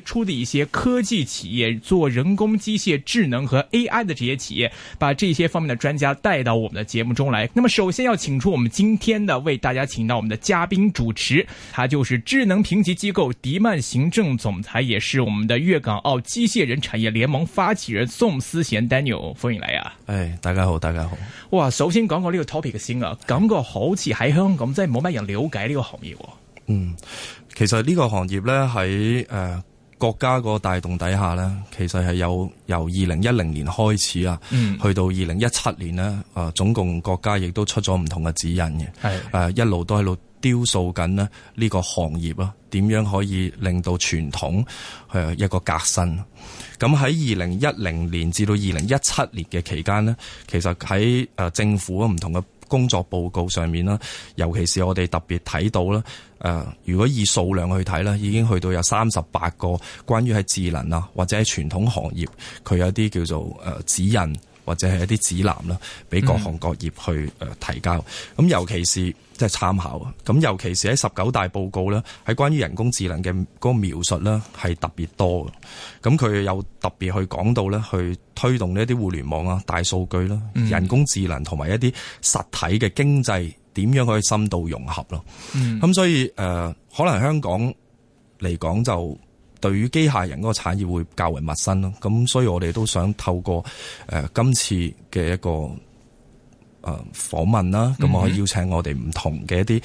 出的一些科技企業，做人工機械智能和 AI 的這些企業，把這些方面的專家帶到我們的節目中來。那麼，首先要請出我們今天的，為大家請到我們的嘉賓主持，他就是智能評級機構迪曼行政總裁，也是我們的粵港澳機械人產業聯盟發起人宋思賢 Daniel。歡迎來呀、啊！哎，大家好，大家好。哇，首先講講呢個 topic 先啊，感覺好似喺香港真係冇咩人了解呢個行業喎。嗯，其實呢個行業咧喺國家個帶動底下呢，其實係有由二零一零年開始啊、嗯，去到二零一七年呢，啊總共國家亦都出咗唔同嘅指引嘅，誒一路都喺度雕塑緊呢個行業啊，點樣可以令到傳統係一個革新。咁喺二零一零年至到二零一七年嘅期間呢，其實喺政府啊唔同嘅工作報告上面啦，尤其是我哋特別睇到啦，誒，如果以數量去睇咧，已經去到有三十八個關於喺智能啊，或者喺傳統行業，佢有啲叫做誒指引。或者係一啲指南啦，俾各行各業去誒提交。咁、嗯、尤其是即係參考啊。咁尤其是喺十九大報告咧，喺關於人工智能嘅嗰個描述咧，係特別多。咁佢有特別去講到咧，去推動呢一啲互聯網啊、大數據啦、嗯、人工智能同埋一啲實體嘅經濟點樣可以深度融合咯。咁、嗯、所以誒、呃，可能香港嚟講就。對於機械人嗰個產業會較為陌生咯，咁所以我哋都想透過誒今次嘅一個誒訪問啦，咁我可以邀請我哋唔同嘅一啲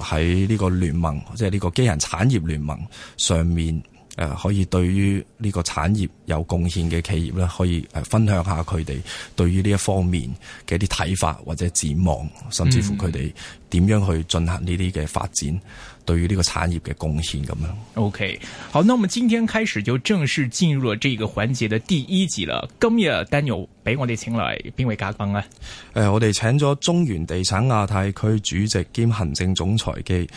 喺呢個聯盟，即係呢個機械人產業聯盟上面誒可以對於呢個產業有貢獻嘅企業咧，可以誒分享下佢哋對於呢一方面嘅一啲睇法或者展望，甚至乎佢哋點樣去進行呢啲嘅發展。對於呢個產業嘅貢獻咁樣，OK 好。那我們今天開始就正式進入了這個環節的第一集啦。今日 Daniel 俾我哋請嚟邊位嘉賓呢？誒、啊呃，我哋請咗中原地產亞太區主席兼行政總裁嘅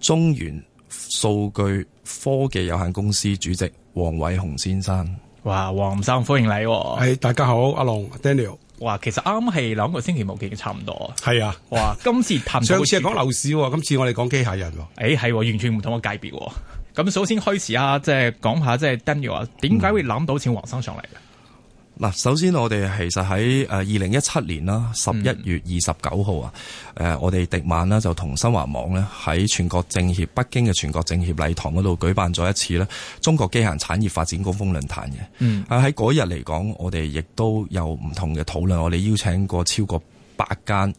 中原數據科技有限公司主席黃偉雄先生。哇，黃生歡迎你。哦。係，哎，大家好，阿龍 Daniel。哇其實啱係兩個星期冇見，差唔多。係啊，哇！今次談 上次係講樓市，今次我哋講機械人。誒、欸，係、啊、完全唔同嘅界別。咁、啊、首先開始啊，即係講下即係 Daniel 啊，點解會諗到請黃生上嚟嘅？嗯嗱，首先我哋其實喺誒二零一七年啦，十一月二十九號啊，誒我哋迪曼啦就同新華網咧喺全國政協北京嘅全國政協禮堂嗰度舉辦咗一次咧中國機械人產業發展高峰論壇嘅。嗯，啊喺嗰日嚟講，我哋亦都有唔同嘅討論，我哋邀請過超過百間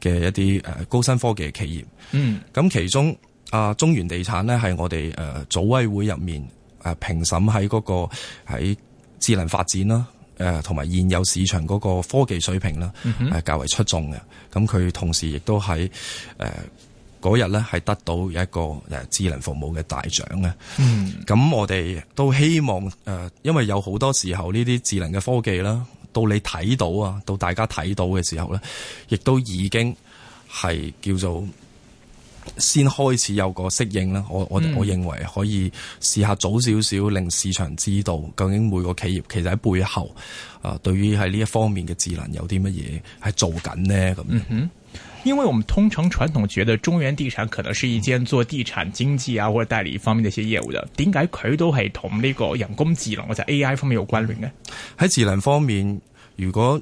嘅一啲誒高新科技嘅企業。嗯，咁其中啊中原地產咧係我哋誒組委會入面誒評審喺嗰個喺智能發展啦。誒同埋現有市場嗰個科技水平啦，係較為出眾嘅。咁、嗯、佢同時亦都喺誒嗰日咧，係、呃、得到一個誒智能服務嘅大獎嘅。咁、嗯、我哋都希望誒、呃，因為有好多時候呢啲智能嘅科技啦，到你睇到啊，到大家睇到嘅時候咧，亦都已經係叫做。先開始有個適應啦。我我我認為可以試下早少少，令市場知道究竟每個企業其實喺背後啊，對於喺呢一方面嘅智能有啲乜嘢係做緊呢。咁。嗯哼，因為我們通常傳統覺得中原地產可能是一間做地產經濟啊或者代理方面嘅一些業務嘅，點解佢都係同呢個人工智能或者 AI 方面有關聯呢？喺智能方面，如果。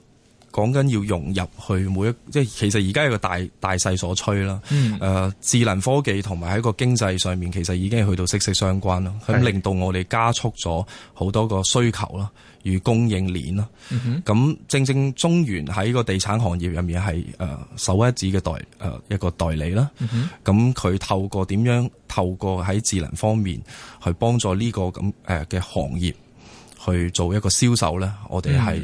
講緊要融入去每一，即係其實而家有個大大勢所趨啦。誒、嗯呃，智能科技同埋喺個經濟上面，其實已經去到息息相關啦。咁令到我哋加速咗好多個需求啦，與供應鏈啦。咁、嗯、正正中原喺個地產行業入面係誒，首屈一指嘅代誒一個代理啦。咁、嗯、佢透過點樣透過喺智能方面去幫助呢個咁誒嘅行業？去做一個銷售咧，我哋係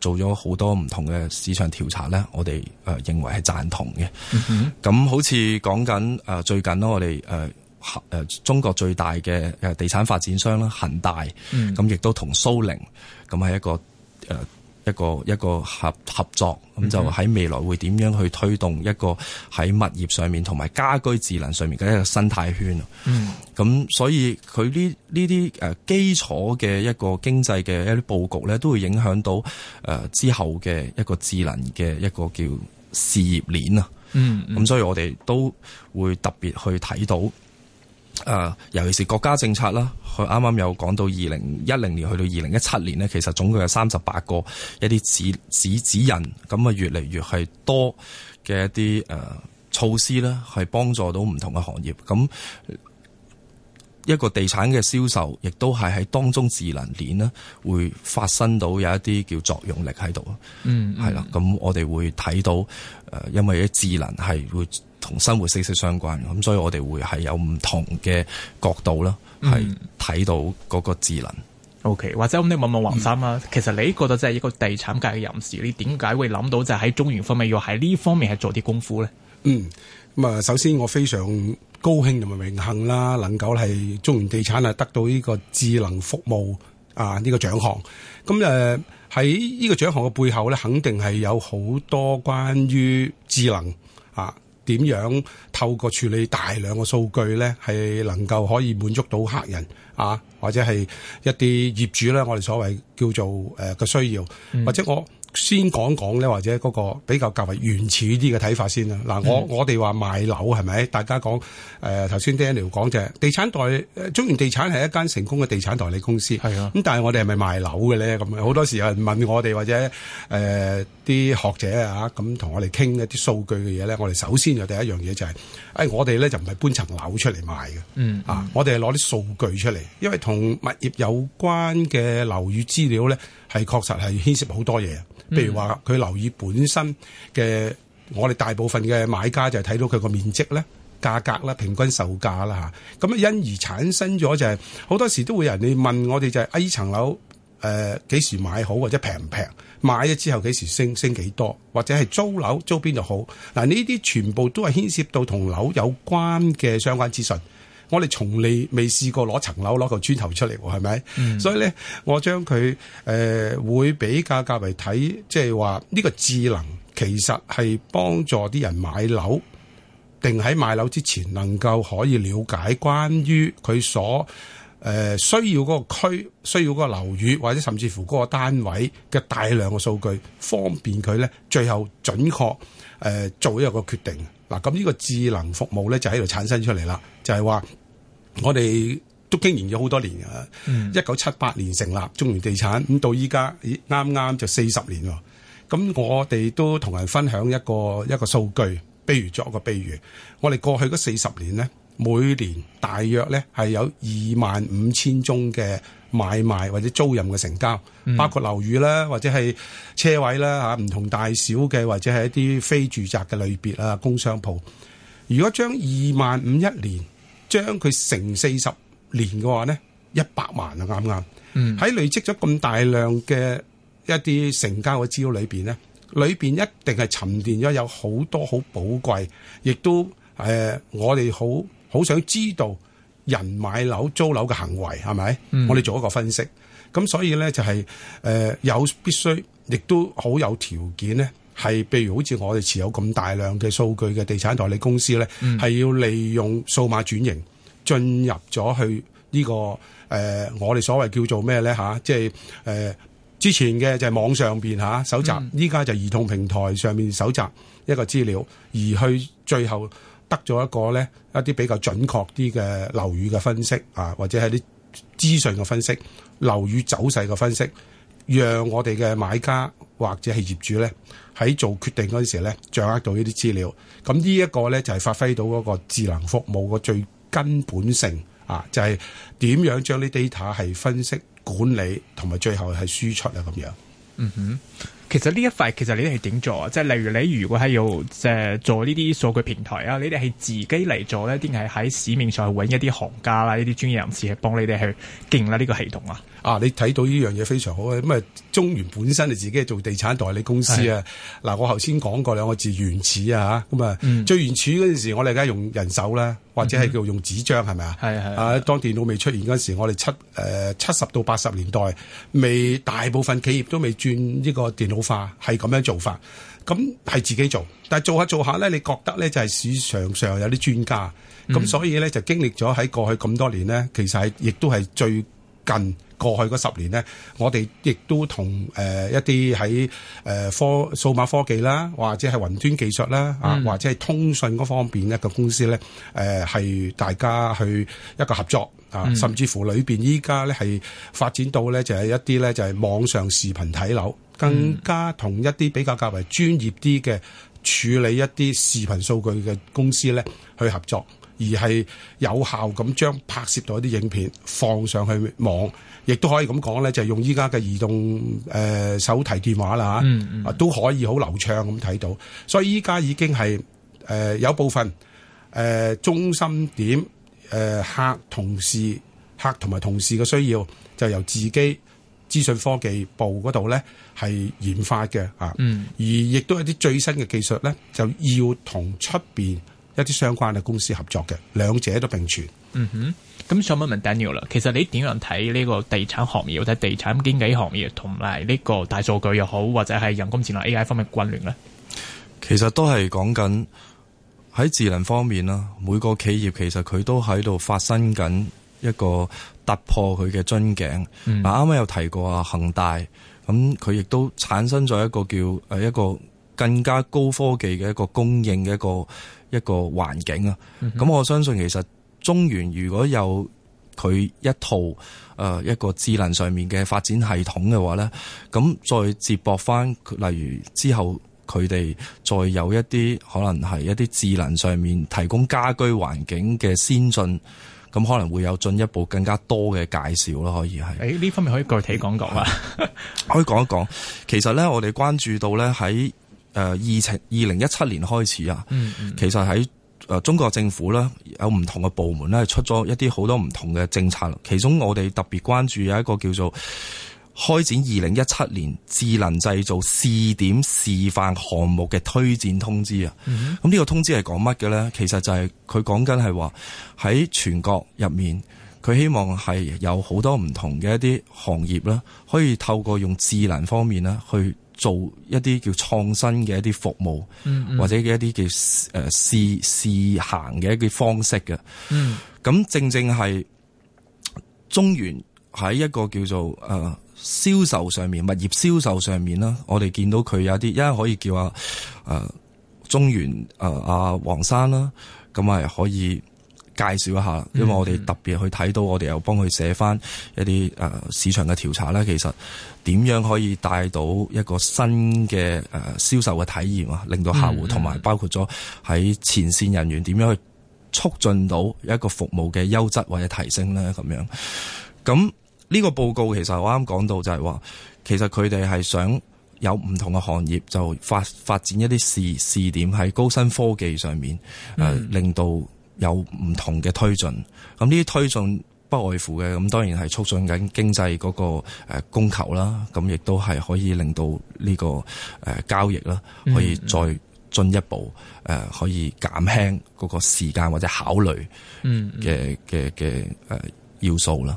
做咗好多唔同嘅市場調查咧，我哋誒認為係贊同嘅。咁、嗯、好似講緊最近咯，我哋中國最大嘅地產發展商啦，恒大，咁亦都同蘇寧咁係一個一個一個合合作咁就喺未來會點樣去推動一個喺物業上面同埋家居智能上面嘅一個生態圈。嗯、Mm-hmm.，咁所以佢呢呢啲誒基礎嘅一個經濟嘅一啲佈局咧，都會影響到誒、呃、之後嘅一個智能嘅一個叫事業鏈啊。嗯，咁所以我哋都會特別去睇到。誒、呃，尤其是國家政策啦，佢啱啱有講到二零一零年去到二零一七年呢，其實總共有三十八個一啲指指指引，咁啊越嚟越係多嘅一啲誒、呃、措施呢，係幫助到唔同嘅行業。咁一個地產嘅銷售，亦都係喺當中智能鏈呢，會發生到有一啲叫作用力喺度。嗯，嗯，係啦，咁我哋會睇到誒，因為啲智能係會。同生活息息相關嘅，咁所以我哋會係有唔同嘅角度啦，係、嗯、睇到嗰個智能。OK，或者咁你問問黃生啊、嗯，其實你覺得即係一個地產界嘅人士，你點解會諗到就係喺中原方面要喺呢方面係做啲功夫咧？嗯，咁啊，首先我非常高興同埋榮幸啦，能夠係中原地產啊得到呢個智能服務啊呢個獎項。咁誒喺呢個獎項嘅背後咧，肯定係有好多關於智能啊。點樣透過處理大量嘅數據咧，係能夠可以滿足到客人啊，或者係一啲業主咧，我哋所謂叫做誒嘅需要、嗯，或者我。先講講咧，或者嗰個比較較為原始啲嘅睇法先啦。嗱、嗯，我我哋話賣樓係咪？大家講誒頭先 Daniel 講就地產代，中原地產係一間成功嘅地產代理公司。係啊，咁但係我哋係咪賣樓嘅咧？咁好多時候有人問我哋或者誒啲、呃、學者啊，咁同我哋傾一啲數據嘅嘢咧，我哋首先就第一樣嘢就係、是、誒、哎、我哋咧就唔係搬層樓出嚟賣嘅，嗯，嗯啊，我哋係攞啲數據出嚟，因為同物業有關嘅樓宇資料咧係確實係牽涉好多嘢。譬如話佢留意本身嘅，我哋大部分嘅買家就係睇到佢個面積咧、價格啦、平均售價啦吓，咁啊因而產生咗就係、是、好多時候都會有人哋問我哋就係啊呢層樓誒幾時買好，或者平唔平？買咗之後幾時升升幾多？或者係租樓租邊就好嗱，呢啲全部都係牽涉到同樓有關嘅相關資訊。我哋從嚟未試過攞層樓攞個磚頭出嚟喎，係咪？嗯、所以咧，我將佢誒、呃、會比較價格嚟睇，即係話呢個智能其實係幫助啲人買樓，定喺買樓之前能夠可以了解關於佢所誒、呃、需要嗰個區、需要嗰個樓宇，或者甚至乎嗰個單位嘅大量嘅數據，方便佢咧最後準確誒、呃、做一個決定。嗱，咁呢個智能服務咧就喺度產生出嚟啦，就係話我哋都經營咗好多年嘅，一九七八年成立中原地產，咁到依家啱啱就四十年喎。咁我哋都同人分享一個一個數據，譬如作一個比喻，我哋過去嗰四十年咧。每年大約咧係有二萬五千宗嘅買賣或者租賃嘅成交，包括樓宇啦或者係車位啦嚇，唔同大小嘅或者係一啲非住宅嘅類別啊，工商鋪。如果將二萬五一年，將佢乘四十年嘅話咧，一百萬啊啱唔啱？喺 累積咗咁大量嘅一啲成交嘅資料裏面，咧，裏面一定係沉澱咗有好多好寶貴，亦都誒、呃、我哋好。好想知道人買樓、租樓嘅行為係咪、嗯？我哋做一個分析。咁所以呢，就係、是、誒、呃、有必須，亦都好有條件呢係譬如好似我哋持有咁大量嘅數據嘅地產代理公司呢係、嗯、要利用數碼轉型進入咗去呢、呢個誒、呃，我哋所謂叫做咩呢？吓，即係誒、呃、之前嘅就係網上面，吓，搜集，依、嗯、家就係兒童平台上面搜集一個資料，而去最後。得咗一個咧，一啲比較準確啲嘅樓宇嘅分析啊，或者係啲資訊嘅分析、樓宇走勢嘅分析，讓我哋嘅買家或者係業主咧喺做決定嗰陣時咧，掌握到呢啲資料。咁呢一個咧就係發揮到嗰個智能服務嘅最根本性啊，就係、是、點樣將啲 data 係分析、管理同埋最後係輸出啊咁樣。嗯哼。其實呢一塊，其實你哋係點做啊？即係例如你如果係要即係做呢啲數據平台啊，你哋係自己嚟做呢定係喺市面上搵一啲行家啦，呢啲專業人士係幫你哋去建啦呢個系統啊？啊，你睇到呢樣嘢非常好啊！咁啊，中原本身你自己係做地產代理公司啊。嗱，我頭先講過兩個字原始啊，吓，咁啊，最原始嗰陣時，我哋而家用人手啦，或者係叫用紙張，係咪啊？係、嗯、係啊，當電腦未出現嗰陣時，我哋七誒七十到八十年代未，大部分企業都未轉呢個電腦。好化係咁樣做法，咁係自己做，但係做下做下咧，你覺得咧就係市場上有啲專家，咁、嗯、所以咧就經歷咗喺過去咁多年咧，其實係亦都係最近過去嗰十年咧，我哋亦都同誒一啲喺誒科數碼科技啦，或者係雲端技術啦啊，或者係通訊嗰方面一個公司咧誒係大家去一個合作啊，甚至乎裏邊依家咧係發展到咧就係一啲咧就係網上視頻睇樓。更加同一啲比較較為專業啲嘅處理一啲視頻數據嘅公司咧，去合作，而係有效咁將拍攝到一啲影片放上去網，亦都可以咁講咧，就係、用依家嘅移動誒、呃、手提電話啦吓、嗯嗯、都可以好流暢咁睇到。所以依家已經係誒、呃、有部分誒、呃、中心點誒、呃、客同事客同埋同事嘅需要，就由自己。資訊科技部嗰度呢係研發嘅嚇、嗯，而亦都係一啲最新嘅技術呢，就要同出邊一啲相關嘅公司合作嘅，兩者都並存。嗯哼，咁想問問 Daniel 啦，其實你點樣睇呢個地產行業、睇地產經紀行業，同埋呢個大數據又好，或者係人工智能 AI 方面嘅關聯呢？其實都係講緊喺智能方面啦，每個企業其實佢都喺度發生緊一個。突破佢嘅樽頸，嗱，啱啱有提過啊，恒大，咁佢亦都產生咗一個叫誒，一個更加高科技嘅一個供應嘅一個一個環境啊。咁、嗯、我相信其實中原如果有佢一套誒、呃、一個智能上面嘅發展系統嘅話呢，咁再接駁翻，例如之後佢哋再有一啲可能係一啲智能上面提供家居環境嘅先進。咁可能會有進一步更加多嘅介紹啦。可以係。呢、欸、方面可以具體講講啊， 可以講一講。其實咧，我哋關注到咧喺誒二零二零一七年開始啊、嗯嗯，其實喺中國政府咧有唔同嘅部門咧出咗一啲好多唔同嘅政策，其中我哋特別關注有一個叫做，開展二零一七年智能製造試點示範項目嘅推薦通知啊！咁、嗯、呢、這個通知係講乜嘅咧？其實就係佢講緊係話喺全國入面，佢希望係有好多唔同嘅一啲行業啦，可以透過用智能方面啦去做一啲叫創新嘅一啲服務，或者嘅一啲叫誒試試行嘅一啲方式嘅。嗯，咁、嗯、正正係中原。喺一個叫做誒銷售上面，物業銷售上面啦，我哋見到佢有啲，因為可以叫啊誒、呃、中原誒阿黃生啦，咁啊可以介紹一下，因為我哋特別去睇到，我哋又幫佢寫翻一啲誒、呃、市場嘅調查咧。其實點樣可以帶到一個新嘅誒銷售嘅體驗啊，令到客戶同埋包括咗喺前線人員點樣去促進到一個服務嘅優質或者提升咧，咁樣咁。呢報告，其實我啱講到就係話其實佢哋係想有唔同嘅行業就發發展一啲試試點喺高新科技上面，誒、嗯呃、令到有唔同嘅推進，咁呢啲推進不外乎嘅，咁當然係促進緊經濟嗰個誒供求啦。咁亦都係可以令到呢誒、呃、交易啦，可以再進一步誒、呃、可以減輕嗰個時間或者考慮嘅嗯嘅嘅嘅誒要素啦。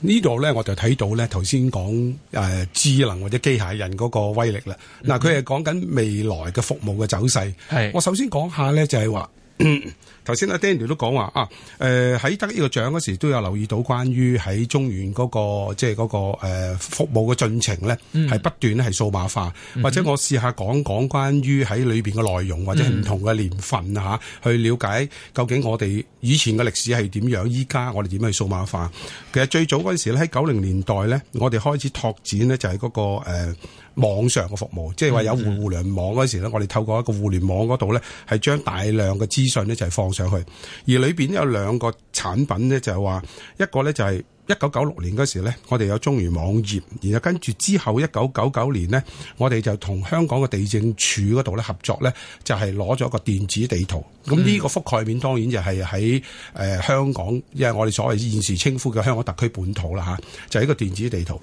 呢度咧我就睇到咧，頭先講誒智能或者機械人嗰個威力啦。嗱，佢係講緊未來嘅服務嘅走勢。係，我首先講下咧就係話。頭先阿 Daniel 都講話啊，誒喺得呢個獎嗰時，都有留意到，關於喺中原嗰個即係嗰個誒服務嘅進程咧，係不斷咧係數碼化。嗯、或者我試下講講關於喺裏邊嘅內容，或者唔同嘅年份啊吓，去了解究竟我哋以前嘅歷史係點樣，依家我哋點樣去數碼化？其實最早嗰時咧，喺九零年代咧，我哋開始拓展咧，那個，就係嗰誒網上嘅服務，即係話有互互聯網嗰時咧，我哋透過一個互聯網嗰度咧，係將大量嘅資訊咧就係放上去，而裏邊有兩個產品呢，就係話一個呢，就係一九九六年嗰時呢，我哋有中原網頁，然後跟住之後一九九九年呢，我哋就同香港嘅地政署嗰度咧合作呢，就係攞咗個電子地圖。咁呢個覆蓋面當然就係喺誒香港，因為我哋所謂現時稱呼嘅香港特區本土啦吓，就係一個電子地圖。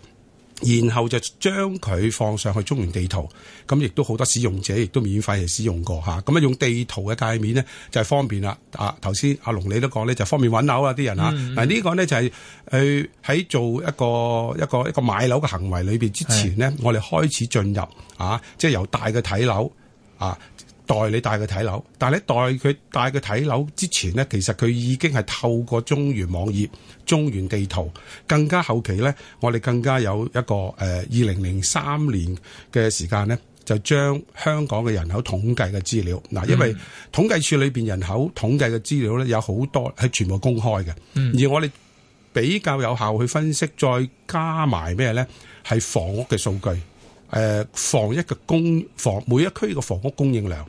然後就將佢放上去中原地圖，咁亦都好多使用者亦都免費嚟使用過嚇。咁啊，用地圖嘅界面呢，就係方便啦。啊，頭先阿龍你都講咧就係、方便揾樓啊啲人嚇。嗱、嗯、呢個呢，就係佢喺做一個一個一個買樓嘅行為裏面之前呢，我哋開始進入啊，即係由大嘅睇樓啊。代你帶佢睇樓，但係你代佢帶佢睇樓之前咧，其實佢已經係透過中原網頁中原地圖更加後期咧，我哋更加有一個誒二零零三年嘅時間咧，就將香港嘅人口統計嘅資料，嗱、嗯，因為統計處裏邊人口統計嘅資料咧有好多係全部公開嘅、嗯，而我哋比較有效去分析，再加埋咩咧係房屋嘅數據。誒、呃、房一嘅供房，每一區嘅房屋供應量，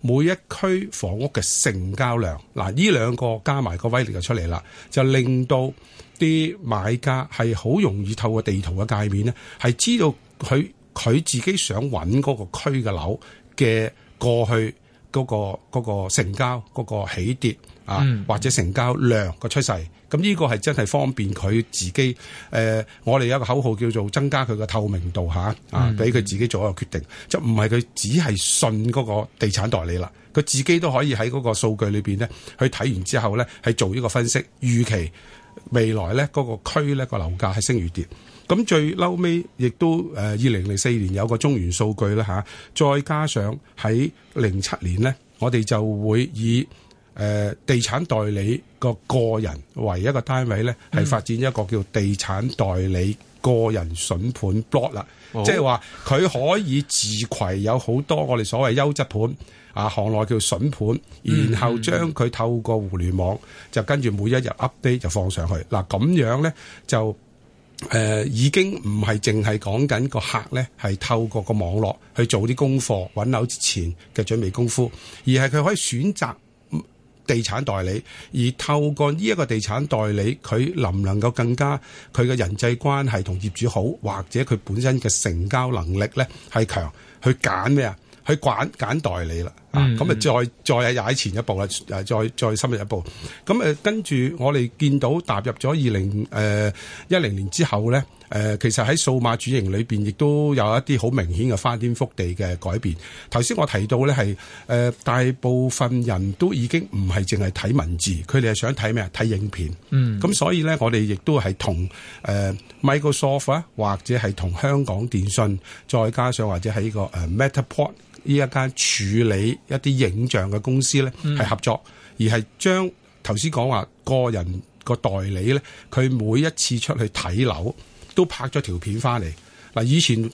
每一區房屋嘅成交量，嗱，呢兩個加埋個威力就出嚟啦，就令到啲買家係好容易透過地圖嘅界面咧，係知道佢佢自己想揾嗰個區嘅樓嘅過去嗰、嗰個嗰、嗰個嗰個、成交嗰、嗰個起跌啊、嗯，或者成交量嘅趨勢。咁呢個係真係方便佢自己。誒、呃，我哋有一個口號叫做增加佢個透明度嚇，啊，俾佢自己做一個決定，就唔係佢只係信嗰個地產代理啦，佢自己都可以喺嗰個數據裏面呢去睇完之後呢，係做呢個分析，預期未來呢嗰、嗰個區呢、個樓價係升與跌。咁最嬲尾亦都誒二零零四年有個中原數據啦嚇、啊，再加上喺零七年呢，我哋就會以。誒地產代理個個人為一,一個單位咧，係發展一個叫地產代理個人筍盤 block 啦、嗯，即係話佢可以自攜有好多我哋所謂優質盤啊，行內叫筍盤，然後將佢透過互聯網就跟住每一日 update 就放上去嗱，咁樣咧就誒、呃、已經唔係淨係講緊個客咧係透過個網絡去做啲功課揾樓之前嘅準備功夫，而係佢可以選擇。地產代理，而透過呢一個地產代理，佢能唔能夠更加佢嘅人際關係同業主好，或者佢本身嘅成交能力咧係強，去揀咩啊？去揀揀代理啦。啊！咁咪再再踩前一步啦，再再深入一步。咁、呃、跟住我哋見到踏入咗二零誒一零年之後咧，誒、呃、其實喺數碼主營裏面亦都有一啲好明顯嘅翻天覆地嘅改變。頭先我提到咧係誒大部分人都已經唔係淨係睇文字，佢哋係想睇咩啊？睇影片。嗯。咁所以咧，我哋亦都係同誒、呃、Microsoft 啊，或者係同香港電訊，再加上或者喺、這個誒、呃、Matterport。呢一間處理一啲影像嘅公司咧，係合作，嗯、而係將頭先講話個人個代理咧，佢每一次出去睇樓都拍咗條片翻嚟。嗱，以前。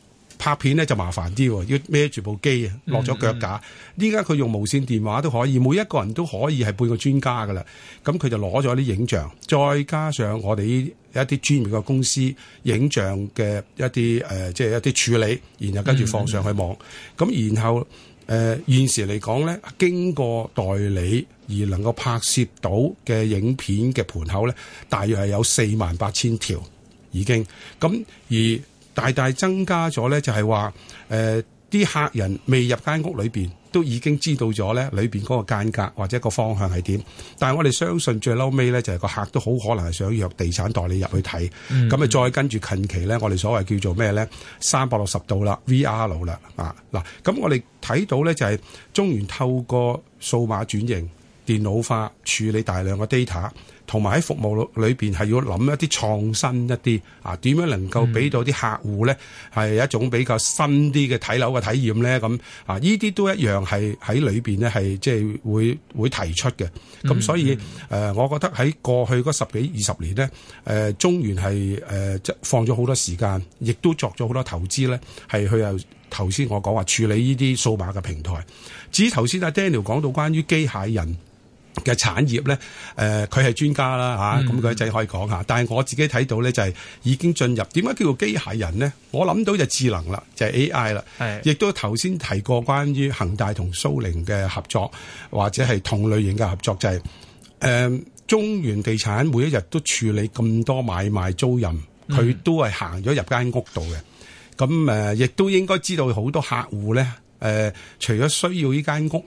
拍片咧就麻煩啲，要孭住部機啊，落咗腳架。依家佢用無線電話都可以，每一個人都可以係半個專家噶啦。咁佢就攞咗啲影像，再加上我哋呢一啲專業嘅公司影像嘅一啲誒，即、呃、係、就是、一啲處理，然後跟住放上去網。咁、嗯嗯、然後誒、呃、現時嚟講咧，經過代理而能夠拍攝到嘅影片嘅盤口咧，大約係有四萬八千條已經。咁而大大增加咗咧，就係話誒啲客人未入間屋裏面都已經知道咗咧裏面嗰個間隔或者個方向係點。但係我哋相信最嬲尾咧，就係個客都好可能係想約地產代理入去睇，咁、嗯、咪再跟住近期咧，我哋所謂叫做咩咧，三百六十度啦，VR 樓啦啊嗱。咁我哋睇到咧就係中原透過數碼轉型、電腦化處理大量嘅 data。同埋喺服務裏面係要諗一啲創新一啲啊，點樣能夠俾到啲客戶咧係一種比較新啲嘅睇樓嘅體驗咧？咁啊，呢啲都一樣係喺裏面，咧係即係會會提出嘅。咁所以誒，我覺得喺過去嗰十幾二十年呢，誒中原係誒放咗好多時間，亦都作咗好多投資咧，係去又頭先我講話處理呢啲數碼嘅平台。至於頭先阿 Daniel 講到關於機械人。嘅產業咧，誒佢係專家啦嚇，咁佢一陣可以講下。但係我自己睇到咧，就係、是、已經進入點解叫做機械人咧？我諗到就智能啦，就係、是、AI 啦。亦都頭先提過關於恒大同蘇寧嘅合作，或者係同類型嘅合作，就係、是、誒、呃、中原地產每一日都處理咁多買賣租賃，佢、嗯、都係行咗入間屋度嘅。咁亦、呃、都應該知道好多客戶咧、呃，除咗需要呢間屋。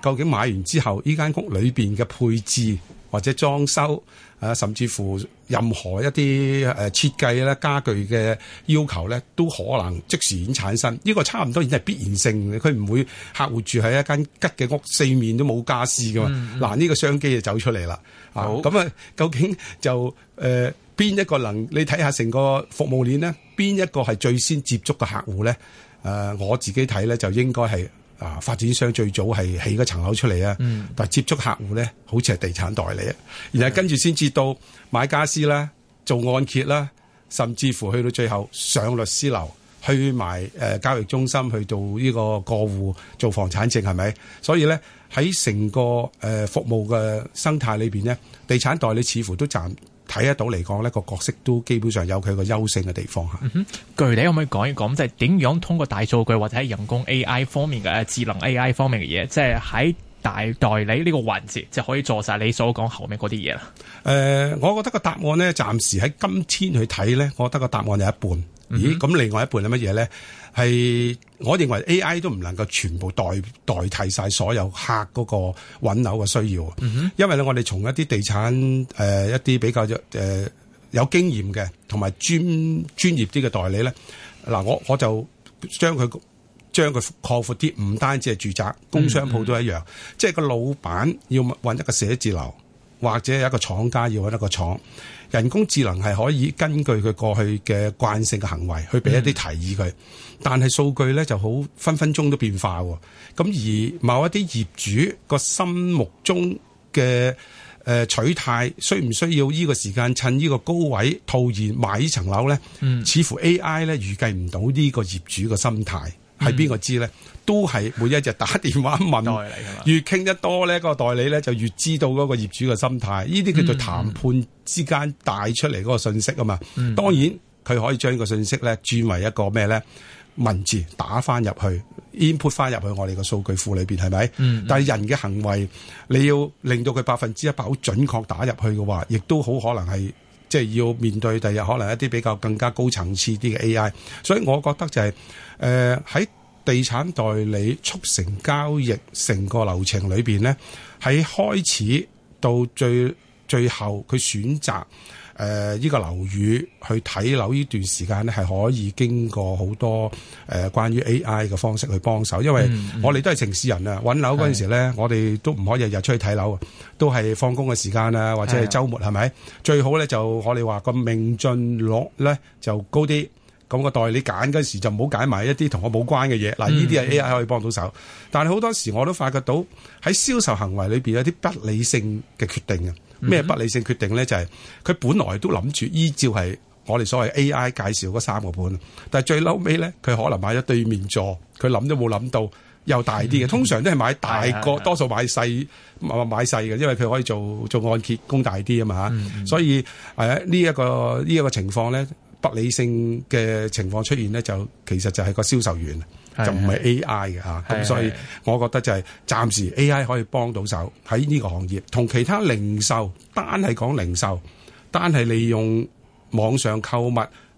究竟買完之後，呢間屋裏面嘅配置或者裝修，啊，甚至乎任何一啲誒、呃、設計咧、家具嘅要求咧，都可能即時已經產生。呢、這個差唔多已經係必然性嘅，佢唔會客戶住喺一間吉嘅屋，四面都冇家私噶嘛。嗱、嗯嗯嗯啊，呢、這個商機就走出嚟啦。咁啊，究竟就誒邊、呃、一個能？你睇下成個服務鏈咧，邊一個係最先接觸嘅客戶咧？誒、啊，我自己睇咧就應該係。啊！發展商最早係起嗰層樓出嚟啊、嗯，但接觸客戶咧，好似係地產代理啊，然後跟住先至到買傢俬啦、做按揭啦，甚至乎去到最後上律師樓去埋誒、呃、交易中心去做呢個過戶、做房產證係咪？所以咧，喺成個誒、呃、服務嘅生態裏面，咧，地產代理似乎都賺。睇得到嚟講，呢個角色都基本上有佢個優勝嘅地方嚇。具體、嗯、可唔可以講一講，即係點樣通過大數據或者喺人工 AI 方面嘅智能 AI 方面嘅嘢，即係喺大代理呢個環節，就可以做晒你所講後面嗰啲嘢啦。誒、呃，我覺得個答案呢，暫時喺今天去睇呢，我覺得個答案有一半。咦，咁、嗯、哼另外一半係乜嘢呢？係，我認為 AI 都唔能夠全部代代替晒所有客嗰個揾樓嘅需要，嗯、哼，因為咧我哋從一啲地產誒、呃、一啲比較誒、呃、有經驗嘅同埋專專業啲嘅代理咧，嗱我我就將佢將佢擴闊啲，唔單止係住宅，工商鋪都一樣，嗯嗯，即係個老闆要揾一個寫字樓。或者有一個廠家要揾一個廠，人工智能係可以根據佢過去嘅慣性嘅行為去俾一啲提議佢、嗯，但係數據咧就好分分鐘都變化咁，而某一啲業主個心目中嘅誒、呃、取態，需唔需要呢個時間趁呢個高位套現買呢層樓咧？嗯，似乎 A I 咧預計唔到呢個業主嘅心態。係邊個知咧？ 都係每一日打電話問代理，越傾得多咧，嗰個代理咧就越知道嗰個業主嘅心態。呢啲叫做談判之間帶出嚟嗰個信息啊嘛，嗯嗯嗯。當然佢可以將呢個信息咧轉為一個咩咧文字打翻入去 input 翻入去我哋個數據庫裏邊，係咪、嗯嗯？但係人嘅行為，你要令到佢百分之一百好準確打入去嘅話，亦都好可能係。即係要面對第日可能一啲比較更加高層次啲嘅 AI，所以我覺得就係誒喺地產代理促成交易成個流程裏邊咧，喺開始到最最後佢選擇。誒、呃，呢、這個樓宇去睇樓呢段時間呢係可以經過好多誒、呃，關於 AI 嘅方式去幫手。因為、嗯嗯、我哋都係城市人啊，揾樓嗰陣時咧，我哋都唔可以日日出去睇樓，都係放工嘅時間啊，或者係周末，係咪？最好咧就我哋話個命中率咧就高啲。咁、那個代理揀嗰時就唔好揀埋一啲同我冇關嘅嘢。嗱、嗯，呢啲係 AI 可以幫到手。但係好多時我都發覺到喺銷售行為裏邊有啲不理性嘅決定啊。咩不理性決定咧？就係、是、佢本來都諗住依照係我哋所謂 A.I. 介紹嗰三個盤，但係最嬲尾咧，佢可能買咗對面座，佢諗都冇諗到又大啲嘅。通常都係買大個，多數買細買細嘅，因為佢可以做做按揭供大啲啊嘛嚇。所以誒呢一個呢一，個情況咧，不理性嘅情況出現咧，就其實就係個銷售員，就唔係 AI 嘅吓，咁所以我覺得就係暫時 AI 可以幫到手喺呢個行業，同其他零售，單係講零售，單係利用網上購物、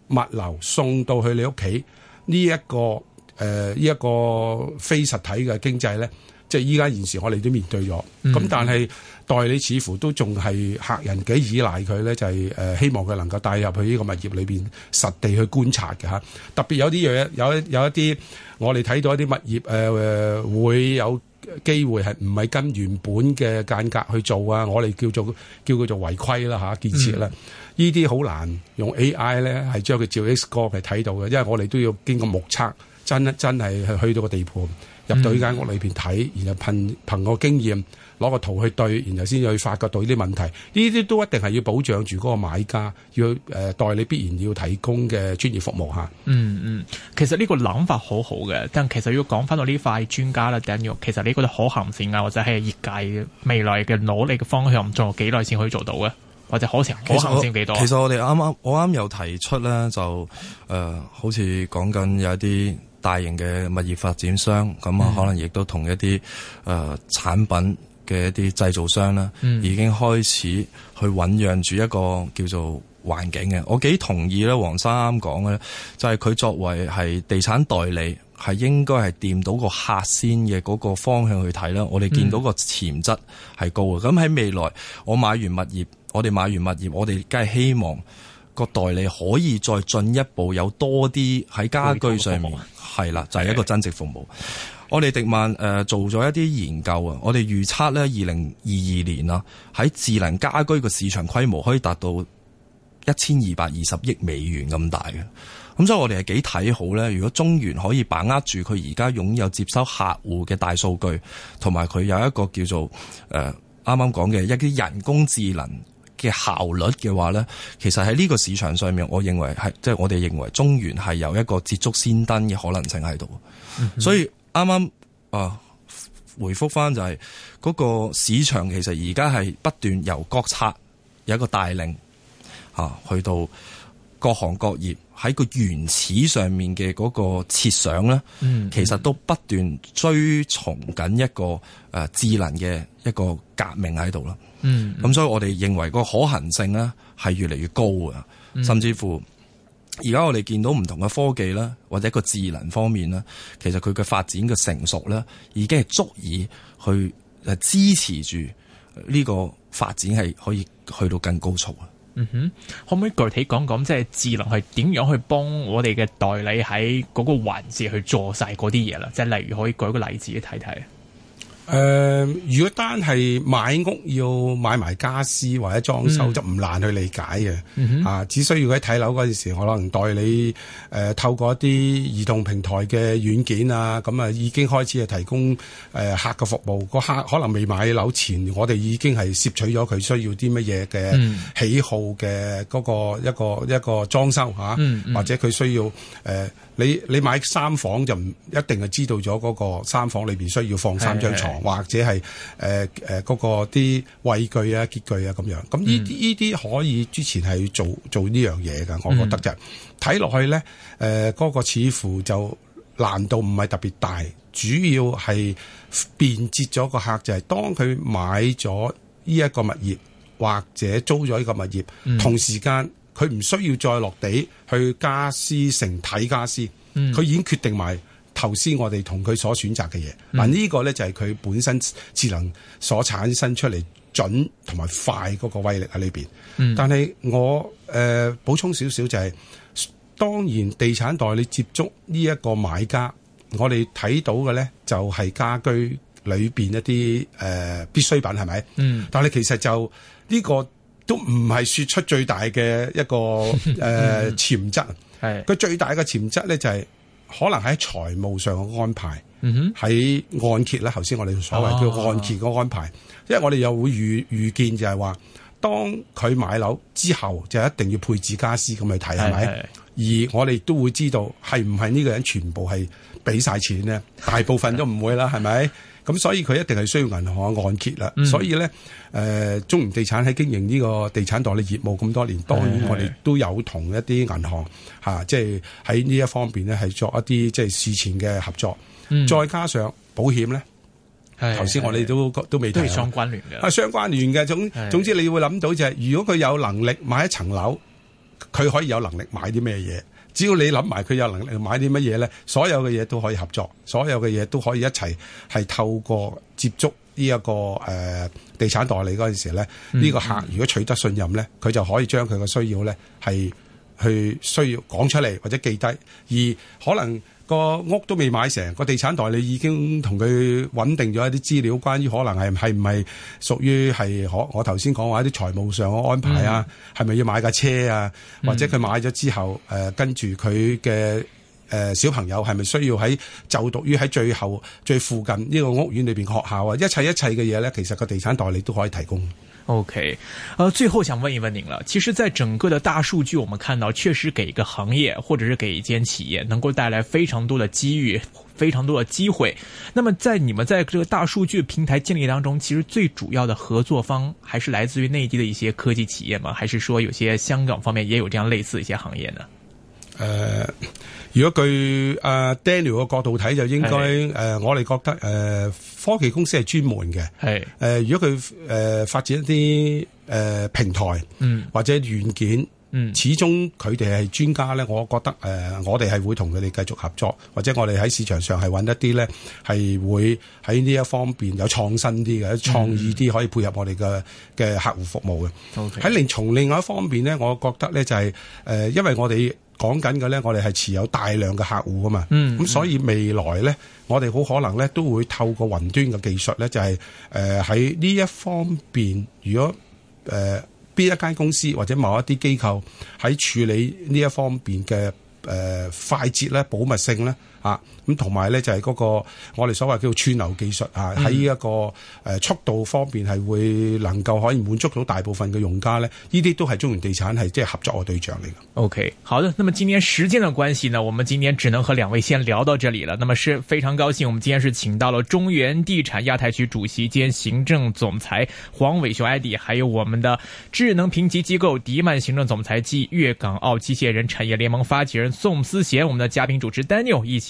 物流送到去你屋企呢一個誒呢一個非實體嘅經濟咧。即係依家現時，我哋都面對咗。咁、嗯、但係代理似乎都仲係客人幾依賴佢咧，就係、誒、希望佢能夠帶入去呢個物業裏面，實地去觀察嘅。特別有啲嘢，有有一啲我哋睇到一啲物業誒、呃、會有機會係唔係跟原本嘅間隔去做啊？我哋叫做叫佢做違規啦嚇建設啦。呢啲好難用 AI 咧係將佢照 X 光嚟睇到嘅，因為我哋都要經過目測，真真係係去到個地盤。入到呢間屋裏邊睇，然後憑憑個經驗攞個圖去對，然後先至去發覺到呢啲問題。呢啲都一定係要保障住嗰個買家，要誒、呃，代理必然要提供嘅專業服務吓。嗯嗯，其實呢個諗法很好好嘅，但其實要講翻到呢塊專家咧，第二，其實你覺得可行性啊，或者係業界未來嘅努力嘅方向，做幾耐先可以做到嘅，或者可行？可行性幾多。其實我哋啱啱我啱又提出咧，就誒、呃，好似講緊有一啲。大型嘅物業發展商，咁、嗯、啊可能亦都同一啲誒、呃、產品嘅一啲製造商啦、嗯，已經開始去醖釀住一個叫做環境嘅。我幾同意咧，黃生啱講嘅咧，就係、是、佢作為係地產代理，係應該係掂到個客先嘅嗰個方向去睇啦。我哋見到個潛質係高嘅，咁、嗯、喺未來我買完物業，我哋買完物業，我哋梗係希望。個代理可以再進一步有多啲喺家居上面係啦，就係、是、一個增值服務。Okay. 我哋迪曼誒、呃、做咗一啲研究啊，我哋預測呢，二零二二年啊，喺智能家居個市場規模可以達到一千二百二十億美元咁大嘅。咁所以我哋係幾睇好呢。如果中原可以把握住佢而家擁有接收客戶嘅大數據，同埋佢有一個叫做誒啱啱講嘅一啲人工智能。嘅效率嘅話呢，其實喺呢個市場上面，我認為，係即係我哋認為中原係有一個捷足先登嘅可能性喺度，嗯，所以啱啱啊回覆翻就係、是、嗰、那個市場，其實而家係不斷由國策有一個帶領啊去到。各行各業喺個原始上面嘅嗰個設想咧，其實都不斷追從緊一個誒智能嘅一個革命喺度咯。咁所以我哋認為個可行性咧係越嚟越高啊。甚至乎而家我哋見到唔同嘅科技啦，或者一個智能方面咧，其實佢嘅發展嘅成熟咧，已經係足以去誒支持住呢個發展係可以去到更高層啊！嗯哼，可唔可以具體講講即係智能係點樣去幫我哋嘅代理喺嗰個環節去做晒嗰啲嘢啦？即係例如可以舉個例子去睇睇。誒、呃、如果單係買屋要買埋家私或者裝修，嗯，就唔難去理解嘅、嗯。啊，只需要喺睇樓陣時我可能代理誒、呃、透過一啲移動平台嘅軟件啊，咁啊已經開始係提供誒、呃、客嘅服務，個客可能未買樓前，我哋已經係攝取咗佢需要啲乜嘢嘅喜好嘅個一個、嗯那個、一個裝修嚇，或者佢需要誒、呃、你你買三房就唔一定係知道咗個三房裏邊需要放三張床。或者係誒誒嗰個啲畏懼啊、結句啊咁樣，咁呢啲呢啲可以之前係做做呢樣嘢㗎，我覺得就睇、是、落、嗯、去咧誒，嗰、呃嗰個似乎就難度唔係特別大，主要係便捷咗個客就係、是、當佢買咗呢一個物業或者租咗呢個物業，物業嗯、同時間佢唔需要再落地去家私城睇家私，佢、嗯、已經決定埋。頭先我哋同佢所選擇嘅嘢，嗱、嗯、呢、這個咧就係佢本身智能所產生出嚟準同埋快嗰個威力喺裏邊，嗯，但係我誒、呃、補充少少就係、是，當然地產代理接觸呢一個買家，我哋睇到嘅咧就係家居裏面一啲誒、呃、必需品係咪？嗯，但係其實就呢、這個都唔係說出最大嘅一個誒潛質。係、 嗯，佢、呃、最大嘅潛質咧就係、是。可能喺財務上嘅安排，喺、嗯、按揭咧。頭先我哋所謂叫按揭嘅安排、哦，因為我哋又會預預見就係話，當佢買樓之後就一定要配置家私咁去睇，係咪？而我哋都會知道係唔係呢個人全部係俾晒錢咧？大部分都唔會啦，係咪？咁所以佢一定係需要銀行按揭啦、嗯，所以咧誒、呃、中原地產喺經營呢個地產代理業務咁多年，當然我哋都有同一啲銀行吓，即係喺呢一方面咧，係作一啲即係事前嘅合作、嗯。再加上保險咧，頭先我哋都是是是都未提都係相關聯嘅，啊相關聯嘅總是是總之你會諗到就係、是，如果佢有能力買一層樓，佢可以有能力買啲咩嘢？只要你諗埋佢有能力買啲乜嘢咧，所有嘅嘢都可以合作，所有嘅嘢都可以一齊係透過接觸呢、這、一個誒、呃、地產代理嗰陣時咧，呢個客如果取得信任咧，佢就可以將佢嘅需要咧係，去需要講出嚟或者記低，而可能個屋都未買成，個地產代理已經同佢穩定咗一啲資料，關於可能係係唔係屬於係可我頭先講話一啲財務上嘅安排啊，係、嗯、咪要買架車啊、嗯？或者佢買咗之後誒、呃、跟住佢嘅誒小朋友係咪需要喺就讀於喺最後最附近呢個屋苑裏邊學校啊？一切一切嘅嘢咧，其實個地產代理都可以提供。OK，呃，最後想問一問您了。其實，在整個的大數據，我們看到確實給一個行業或者是給一間企業能夠帶來非常多的機遇、非常多的機會。那麼，在你們在這個大數據平台建立當中，其實最主要的合作方還是來自於內地的一些科技企業嗎？還是說有些香港方面也有這樣類似一些行業呢？誒、呃，如果據阿、呃、Daniel 嘅角度睇，就應該誒的、呃，我哋覺得誒、呃，科技公司係專門嘅，係誒的、呃，如果佢誒、呃、發展一啲誒、呃、平台，嗯，或者軟件，終嗯，始終佢哋係專家咧，我覺得誒、呃，我哋係會同佢哋繼續合作，或者我哋喺市場上係揾一啲咧，係會喺呢一方面有創新啲嘅、創意啲，可以配合我哋嘅嘅客戶服務嘅。喺另從另外一方面咧，我覺得咧就係、是、誒、呃，因為我哋。講緊嘅咧，我哋係持有大量嘅客戶㗎嘛，咁、嗯嗯、所以未來咧，我哋好可能咧都會透過雲端嘅技術咧，就係誒喺呢一方面，如果誒邊、呃、一間公司或者某一啲機構喺處理呢一方面嘅誒、呃、快捷咧、保密性咧。啊，咁同埋咧就係嗰個我哋所謂叫串流技術啊，喺一個誒速度方面係會能夠可以滿足到大部分嘅用家咧，呢啲都係中原地產係即係合作嘅對象嚟嘅。OK，好的，那麼今天時間嘅關係呢，我們今天只能和兩位先聊到這裡了。那麼是非常高興，我們今天是請到了中原地產亞太區主席兼行政總裁黃偉雄 Eddie，還有我們的智能評級機構迪曼行政總裁暨粵港澳機械人產業聯盟發起人宋思賢，我們的嘉賓主持 Daniel 一起。